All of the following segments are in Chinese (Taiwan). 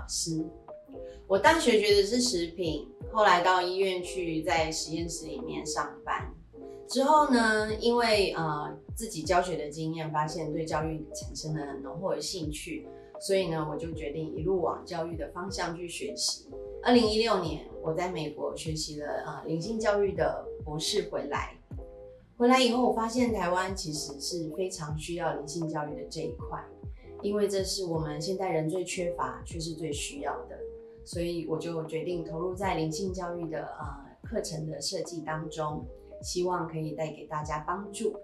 老師，我大學學的是食品，後來到醫院去在實驗室裡面上班。之後呢，因為呃自己教學的經驗，發現對教育產生了濃厚的興趣，所以呢，我就決定一路往教育的方向去學習。二零一六年，我在美國學習了呃靈性教育的博士回來，回來以後，我發現台灣其實是非常需要靈性教育的這一塊。因為這是我們現代人最缺乏，卻是最需要的，所以我就決定投入在靈性教育的呃課程的設計當中，希望可以帶給大家幫助。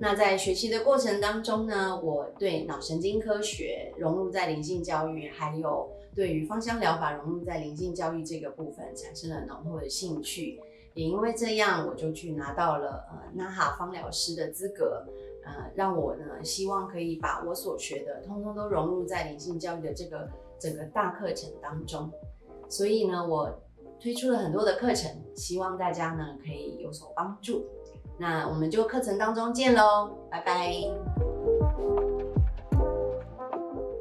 那在學習的過程當中呢，我對腦神經科學融入在靈性教育，還有對於芳香療法融入在靈性教育這個部分產生了濃厚的興趣，也因為這樣，我就去拿到了呃 NAHA 芳療師的資格。呃，讓我呢，希望可以把我所學的通通都融入在靈性教育的這個整個大課程當中。所以呢，我推出了很多的課程，希望大家呢可以有所幫助。那我們就課程當中見嘍，拜拜。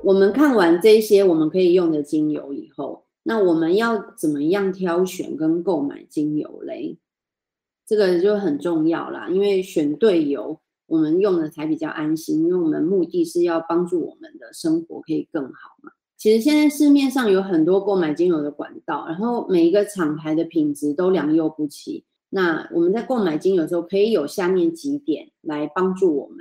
我們看完這些我們可以用的精油以後，那我們要怎麼樣挑選跟購買精油嘞？這個就很重要啦，因為選對油。我們用的才比較安心，因為我們目的是要幫助我們的生活可以更好嘛。其實現在市面上有很多購買精油的管道，然後每一個廠牌的品質都良莠不齊。那我們在購買精油的時候，可以有下面幾點來幫助我們。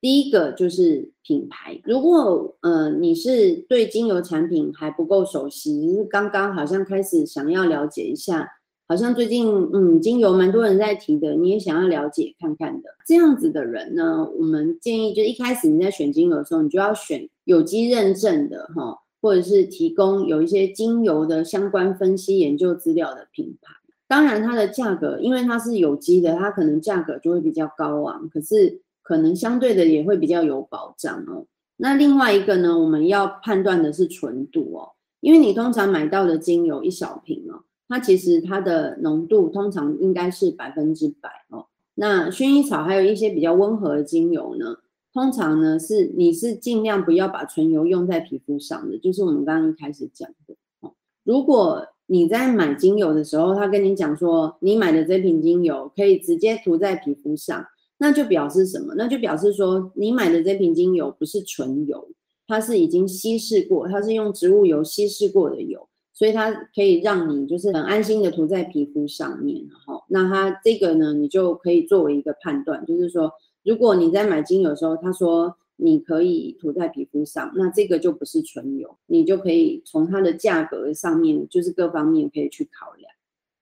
第一個就是品牌，如果呃你是對精油產品還不夠熟悉，因為剛剛好像開始想要了解一下。好像最近嗯，精油蠻多人在提的，你也想要了解看看的。這樣子的人呢，我們建議就一開始你在選精油的時候，你就要選有機認證的哈，或者是提供有一些精油的相關分析研究資料的品牌。當然，它的價格因為它是有機的，它可能價格就會比較高昂，可是可能相對的也會比較有保障哦。那另外一個呢，我們要判斷的是純度哦，因為你通常買到的精油一小瓶哦。它其實它的濃度通常應該是百分之百哦。那薰衣草還有一些比較溫和的精油呢，通常呢是你是儘量不要把純油用在皮膚上的，就是我們剛剛一開始講的哦。如果你在買精油的時候，他跟你講說你買的這瓶精油可以直接塗在皮膚上，那就表示什麼？那就表示說你買的這瓶精油不是純油，它是已經稀釋過，它是用植物油稀釋過的油。所以它可以讓你就是很安心的塗在皮膚上面，然後那它這個呢，你就可以作為一個判斷，就是說如果你在買精油的時候，他說你可以塗在皮膚上，那這個就不是純油，你就可以從它的價格上面，就是各方面可以去考量。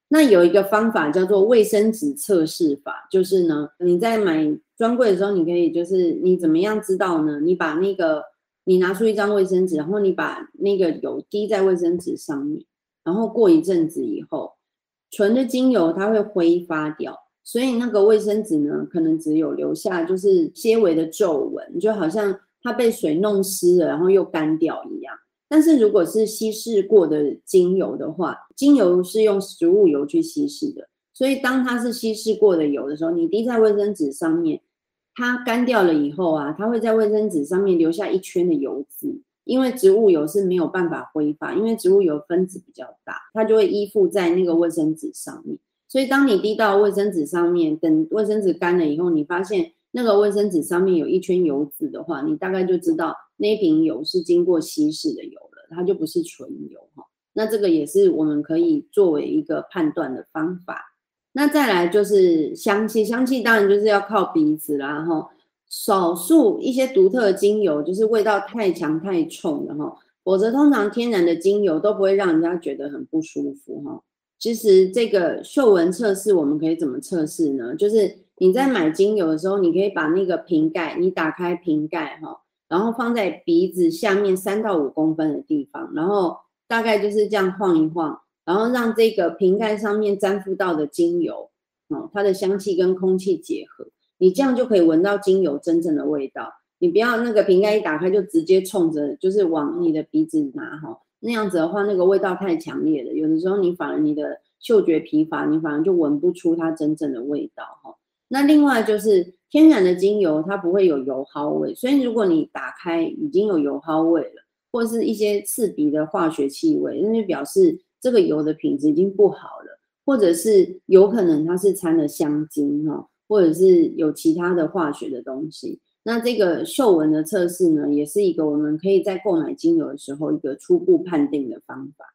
那有一個方法叫做衛生紙測試法，就是呢你在買專櫃的時候，你可以就是你怎麼樣知道呢？你把那個你拿出一張衛生紙，然後你把那個油滴在衛生紙上面，然後過一陣子以後，純的精油它會揮發掉，所以那個衛生紙呢，可能只有留下就是纖維的皺紋，就好像它被水弄濕了，然後又乾掉一樣。但是如果是稀釋過的精油的話，精油是用植物油去稀釋的，所以當它是稀釋過的油的時候，你滴在衛生紙上面。它乾掉了以後啊，它會在衛生紙上面留下一圈的油漬，因為植物油是沒有辦法揮發，因為植物油分子比較大，它就會依附在那個衛生紙上面。所以當你滴到衛生紙上面，等衛生紙乾了以後，你發現那個衛生紙上面有一圈油漬的話，你大概就知道那瓶油是經過稀釋的油了，它就不是純油哈。那這個也是我們可以作為一個判斷的方法。那再來就是香氣，香氣當然就是要靠鼻子啦，哈。少數一些獨特的精油就是味道太強太沖的，哈。否則通常天然的精油都不會讓人家覺得很不舒服，哈。其實這個嗅聞測試我們可以怎麼測試呢？就是你在買精油的時候，你可以把那個瓶蓋，你打開瓶蓋，哈，然後放在鼻子下面三到五公分的地方，然後大概就是這樣晃一晃。然後讓這個瓶蓋上面沾附到的精油，哦，它的香氣跟空氣結合，你這樣就可以聞到精油真正的味道。你不要那個瓶蓋一打開就直接衝着，就是往你的鼻子拿哈，那樣子的話，那個味道太強烈了。有的時候你反而你的嗅覺疲乏，你反而就聞不出它真正的味道哈、哦。那另外就是天然的精油它不會有油耗味，所以如果你打開已經有油耗味了，或是一些刺鼻的化學氣味，那就表示。這個油的品質已經不好了，或者是有可能它是摻了香精哈，或者是有其他的化學的東西。那這個嗅聞的測試呢，也是一個我們可以在購買精油的時候一個初步判定的方法。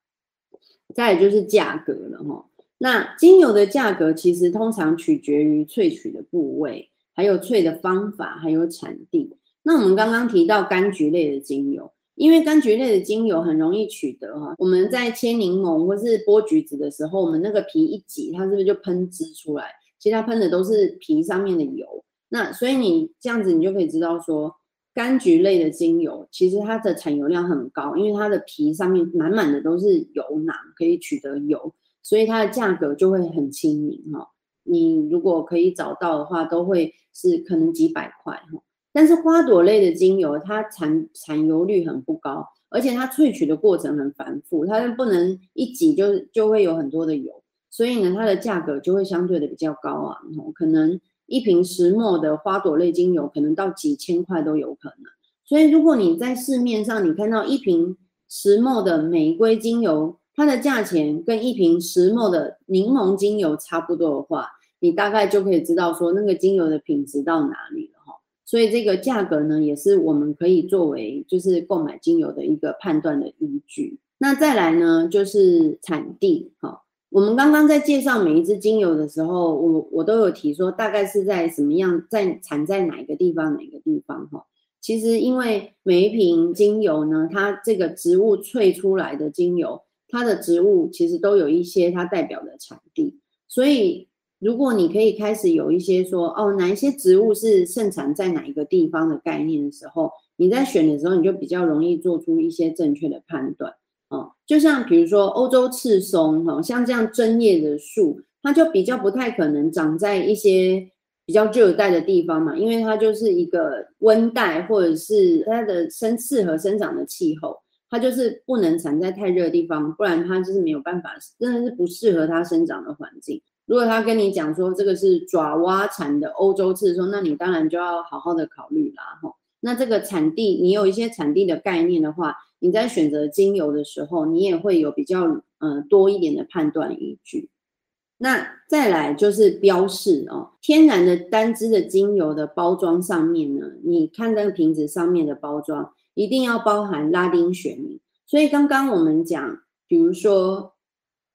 再來就是價格了哈，那精油的價格其實通常取決於萃取的部位，還有萃的方法，還有產地。那我們剛剛提到柑橘類的精油，因為柑橘類的精油很容易取得哈，我們在切檸檬或是剝橘子的時候，我們那個皮一擠，它是不是就噴汁出來？其實它噴的都是皮上面的油。那所以你這樣子，你就可以知道說，柑橘類的精油其實它的產油量很高，因為它的皮上面滿滿的都是油囊，可以取得油，所以它的價格就會很親民哈。你如果可以找到的話，都會是可能幾百塊哈。但是花朵類的精油，它產產油率很不高，而且它萃取的過程很繁複，它就不能一擠就就會有很多的油，所以呢，它的價格就會相對的比較高啊。可能一瓶石墨的花朵類精油，可能到幾千塊都有可能。所以如果你在市面上你看到一瓶石墨的玫瑰精油，它的價錢跟一瓶石墨的檸檬精油差不多的話，你大概就可以知道說那個精油的品質到哪裡了哈。所以這個價格呢，也是我們可以作為就是購買精油的一個判斷的依據。那再來呢，就是產地哈、哦。我們剛剛在介紹每一支精油的時候，我我都有提說，大概是在什麼樣，在產在哪一個地方哪一個地方哈、哦。其實因為每一瓶精油呢，它這個植物萃出來的精油，它的植物其實都有一些它代表的產地，所以。如果你可以開始有一些說哦，哪一些植物是盛產在哪一個地方的概念的時候，你在選的時候，你就比較容易做出一些正確的判斷哦。就像比如說歐洲赤松哈，哦，像這樣針葉的樹，它就比較不太可能長在一些比較熱帶的地方嘛，因為它就是一個溫帶或者是它的生適合生長的氣候，它就是不能產在太熱的地方，不然它就是沒有辦法，真的是不適合它生長的環境。如果他跟你講說這個是爪哇產的歐洲次的時候，那你當然就要好好的考慮啦吼。那這個產地，你有一些產地的概念的話，你在選擇精油的時候，你也會有比較嗯、呃、多一點的判斷依據。那再來就是標示哦，天然的單支的精油的包裝上面呢，你看那個瓶子上面的包裝一定要包含拉丁學名。所以剛剛我們講，比如說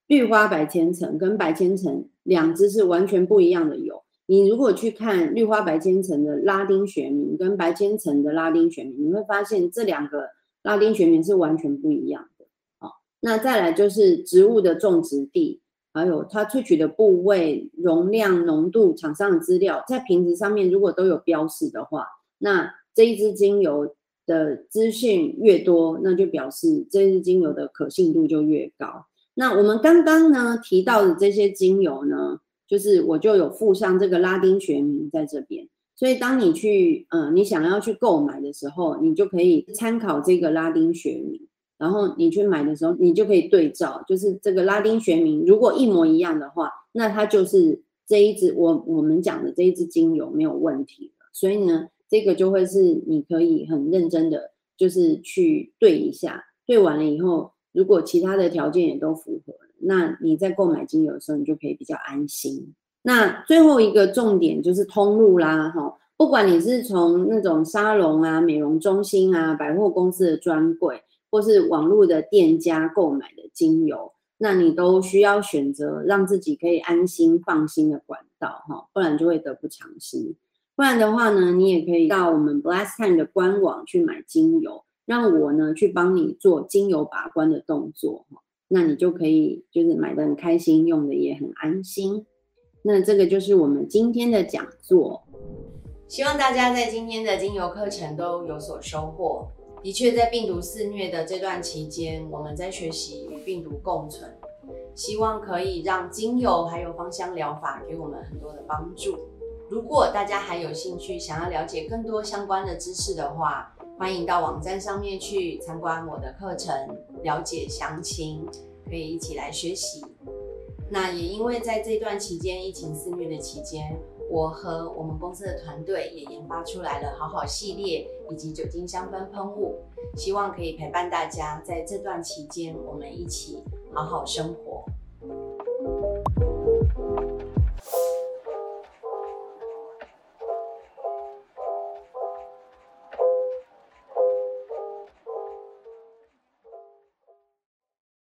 綠花白千層跟白千層。兩支是完全不一樣的油。你如果去看綠花白千層的拉丁學名跟白千層的拉丁學名，你會發現這兩個拉丁學名是完全不一樣的。好，那再來就是植物的種植地，還有它萃取的部位、容量、濃度、廠商的資料，在瓶子上面如果都有標示的話，那這一支精油的資訊越多，那就表示這一支精油的可信度就越高。那我們剛剛呢，提到的這些精油呢，就是我就有附上這個拉丁學名在這邊，所以當你去，嗯，你想要去購買的時候，你就可以參考這個拉丁學名，然後你去買的時候，你就可以對照，就是這個拉丁學名如果一模一樣的話，那它就是這一支我我們講的這一支精油沒有問題。所以呢，這個就會是你可以很認真的就是去對一下，對完了以後，如果其他的條件也都符合。那你在購買精油的時候，你就可以比較安心。那最後一個重點就是通路啦，哈、哦，不管你是從那種沙龍啊、美容中心啊、百貨公司的專櫃，或是網絡的店家購買的精油，那你都需要選擇讓自己可以安心放心的管道，哈、哦，不然就會得不償失。不然的話呢，你也可以到我們 Blast Time 的官網去買精油，讓我呢去幫你做精油把關的動作，那你就可以，就是買的很開心，用的也很安心。那這個就是我們今天的講座，希望大家在今天的精油課程都有所收穫。的確，在病毒肆虐的這段期間，我們在學習與病毒共存，希望可以讓精油還有芳香療法給我們很多的幫助。如果大家還有興趣，想要了解更多相關的知識的話，歡迎到網站上面去參觀我的課程，了解詳情，可以一起來學習。那也因為在這段期間，疫情肆虐的期間，我和我們公司的團隊也研發出來了好好系列以及酒精香氛噴霧，希望可以陪伴大家在這段期間，我們一起好好生活。